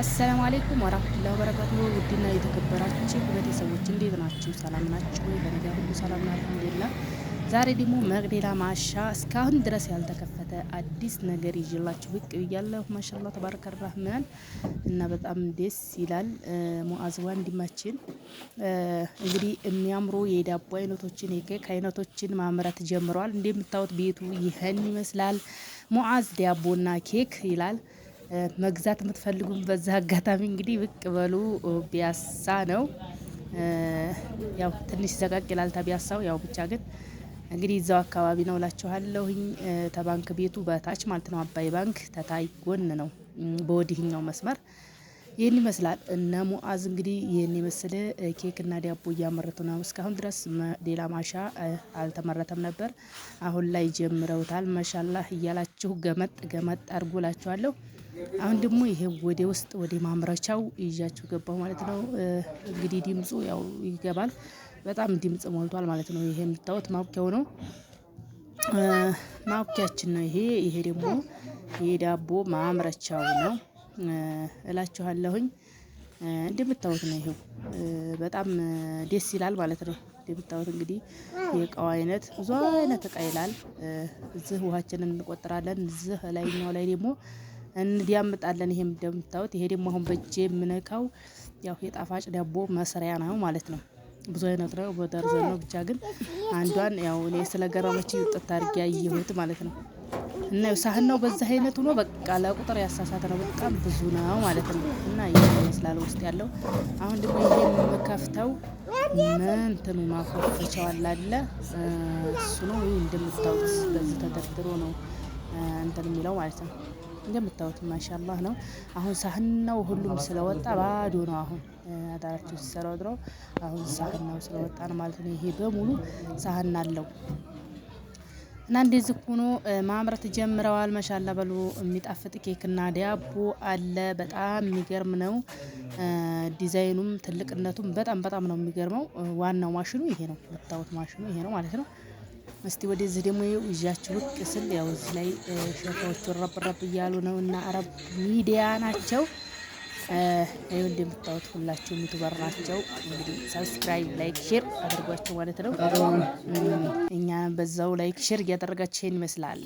አሰላሙ አሌይኩም ወራህመቱላሂ ወበረካቱ። ውድና የተከበራችሁ ቤተሰቦች እንዴት ናችሁ? ሰላም ናችሁ? በነገ ሁሉ ሰላም ነው አልሐምዱሊላህ። ዛሬ ደግሞ መቅደላ ማሻ እስካሁን ድረስ ያልተከፈተ አዲስ ነገር ይዤላችሁ ብቅ ብያለሁ። ማሻአላህ ተባረከ ራህማን እና በጣም ደስ ይላል። ሙአዝ ወንድማችን እንግዲህ የሚያምሩ የዳቦ አይነቶችን የኬክ አይነቶችን ማምረት ጀምሯል እንደምታዩት ቤቱ ይህን ይመስላል። ሙአዝ ዳቦና ኬክ ይላል። መግዛት የምትፈልጉም በዛ አጋጣሚ እንግዲህ ብቅ በሉ። ቢያሳ ነው ያው ትንሽ ዘቀቅ ይላል ቢያሳው ያው ብቻ ግን እንግዲህ እዛው አካባቢ ነው ላችኋለሁኝ። ተባንክ ቤቱ በታች ማለት ነው አባይ ባንክ ተታይ ጎን ነው በወዲህኛው መስመር ይህን ይመስላል። እነ ሙአዝ እንግዲህ ይህን የመሰለ ኬክ እና ዳቦ እያመረቱ ነው። እስካሁን ድረስ ሌላ ማሻ አልተመረተም ነበር። አሁን ላይ ጀምረውታል። መሻላህ እያላችሁ ገመጥ ገመጥ አድርጎላችኋለሁ። አሁን ደግሞ ይሄ ወደ ውስጥ ወደ ማምረቻው ይዣችሁ ገባሁ ማለት ነው። እንግዲህ ድምፁ ያው ይገባል። በጣም ድምፅ ሞልቷል ማለት ነው። ይሄ የምታዩት ማብኪያው ነው። ማብኪያችን ነው ይሄ። ይሄ ደግሞ የዳቦ ማምረቻው ነው። እላችኋለሁኝ። እንደምታዩት ነው። ይሄው በጣም ደስ ይላል ማለት ነው። እንደምታዩት እንግዲህ የእቃው አይነት ብዙ አይነት እቃ ይላል። እዚህ ውሃችንን እንቆጥራለን። እዚህ ላይኛው ላይ ደግሞ እንዲያምጣለን። ይሄም እንደምታዩት ይሄ ደግሞ አሁን በእጄ የምነካው ያው የጣፋጭ ዳቦ መስሪያ ነው ማለት ነው። ብዙ አይነት ነው፣ በደርዘን ነው። ብቻ ግን አንዷን ያው እኔ ስለገረመች ጥት አድርጌ አየሁት ማለት ነው። እና ሳህናው በዛ አይነት ሆኖ በቃ ለቁጥር ያሳሳተ ነው። በጣም ብዙ ነው ማለት ነው። እና ይመስላል ውስጥ ያለው አሁን ደግሞ ይሄ የምከፍተው ምንትኑ ማኮፈቻው አለ እሱ ነው። ይህ እንደምታዩት በዚህ ተደርድሮ ነው እንትን የሚለው ማለት ነው። እንደምታዩት ማሻላህ ነው። አሁን ሳህናው ሁሉም ስለወጣ ባዶ ነው። አሁን አዳራችሁ ሲሰራው ድሮ አሁን ሳህናው ስለወጣ ነው ማለት ነው። ይሄ በሙሉ ሳህና አለው። እና እንደዚህ ሆኖ ማምረት ጀምረዋል። መሻላ በሉ የሚጣፍጥ ኬክና ዳቦ አለ። በጣም የሚገርም ነው። ዲዛይኑም ትልቅነቱም በጣም በጣም ነው የሚገርመው። ዋናው ማሽኑ ይሄ ነው፣ የምታዩት ማሽኑ ይሄ ነው ማለት ነው። እስቲ ወደዚህ ደግሞ ይዣችሁ ብቅ ስል ያው እዚህ ላይ ሸካዎቹ ረብረብ እያሉ ነው እና አረብ ሚዲያ ናቸው። ይኸው እንደምታዩት ሁላቸው ዩቱበር ናቸው። እንግዲህ ሰብስክራይብ፣ ላይክ፣ ሼር አድርጓቸው ማለት ነው። እኛ በዛው ላይክ ሼር እያደረጋችሁ ይመስላል